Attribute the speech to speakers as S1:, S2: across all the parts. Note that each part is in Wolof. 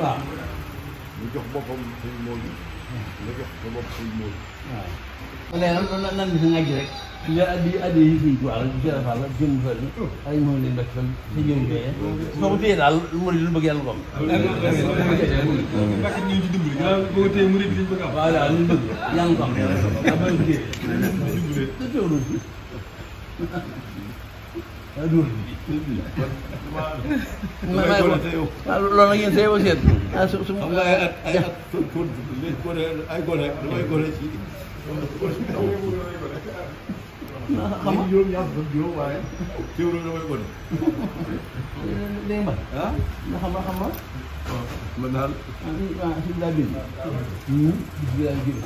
S1: waaw mu jox boppam sëñ Modou nga jox sa bopp sëñ Modou waaw léegi nag nan bi na ngaj rek ñu addi addi yi fiy jox rek jërë fall jëm fël ay mo leen rek fël sa jëm bee soo ko téye daal mu lu bëgg yàlla ko am bakkat ñu ci dimbali boo ko téye mu rek liñ bëgg am waaw daal ñu bëgg yàlla ko am ah dóor waaw loolu la ngeen see yow seen. ah su su xam nga ay at ay at ay gone damay gone ci. xam nga juróom ñaar fukk juróom waaye teewloo damay gone. dégg nga ah. nga xam nga xam nga. waaw man daal. ah si bi laa bind. ñun bis bi laa bind.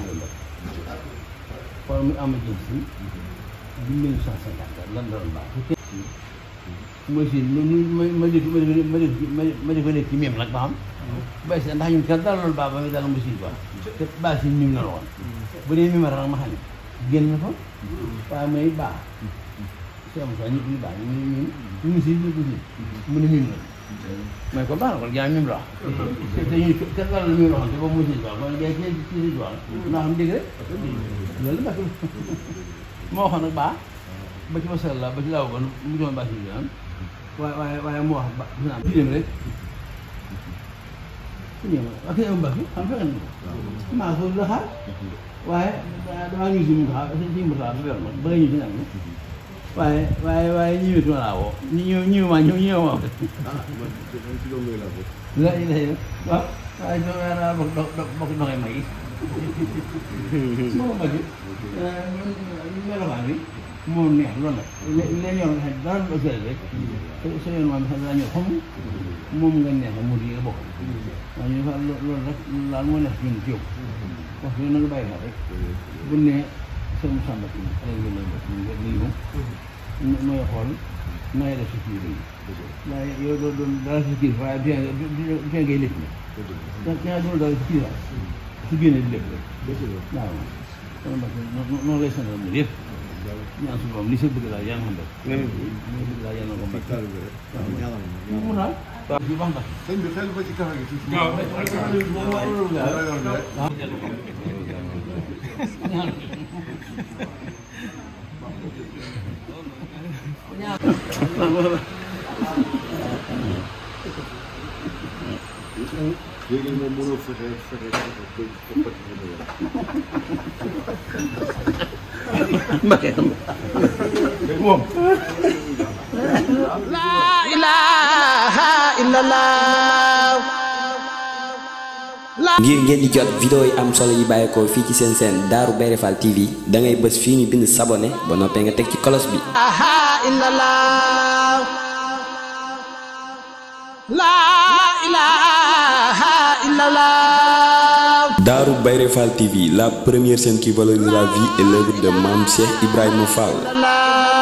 S1: xool mu am jëm si. bi mille cent cinquante lan la doon baax. mooy si ma ma ma dégg ma dégg ma dégg ma dégg ci miim nag ba xam. bay si ndax ñun kat daal loolu baax ba muy daal mu si quoi. te baax si miim la woon. bu dee miim rek ma xam ne génn fa. waaye mooy baax. soo ma soo ñëpp ñu baax ñu miim ñu si ñu si mu ne miim la. mooy ko baax na kon gaa miim la wax. te ñun kat daal la miim la waxoon te boobu mu si quoi mooy gaa ci ci si quoi. naa xam dégg rek. loolu la moo waxoon nag baax. ba ci masha Allah ba ci laaw kon mu doon baax yi daan waaye waaye waaye mu wax ba mu naan dem rek su ñëw ak yow xam fekk na maa ko la xaar waaye damaa ñëw si mu xaar si mu xaar ba nga ñëw si naan vậy vậy vậy như chỗ nào nhiều nhiều mà nhiều nhiều mà vậy thì đó vậy chỗ là bậc đội bậc đội mỹ mua mà chứ mới là bạn ấy mua nẻ luôn này nên nên nhiều thành ra nó dễ đấy tôi sẽ làm thành ra nhiều không mua cái nẻ là một gì bộ mà như vậy luôn luôn là mua nẻ nhiều kiểu còn cái nó bay lại bên nẻ sëriñ Samba si ay yu lay def ñu nii moom nooy xool nooy def si kii bi waaye yow doo doon dara si kii waaye bien bien ngay lépp la daa doon dara si kii la si génne di lépp la waaw kon nag noonu lay santal ñu yëpp ñaan suñu borom li sa bëgg daal yaa ngi xam ne li bëgg daal yaa ngi ko mbay mu daal waaw ñu baax na sëñ bi xel ba ci kafe gi tuuti waaw Jullie mijn moeder vergeet, vergeet, vergeet, vergeet, vergeet, La ngir ngeen di jot vidéo yi am solo yi bàyyeekoo fii ci seen seen Darou Bairé Fall TV da ngay bës fii ñu bind s'abonné ba noppee nga teg ci cloche bi. ilaha illallah Darou Bayré Fall TV, la première chaîne qui valorise la vie et l'œuvre de Mam Cheikh Ibrahim Fall.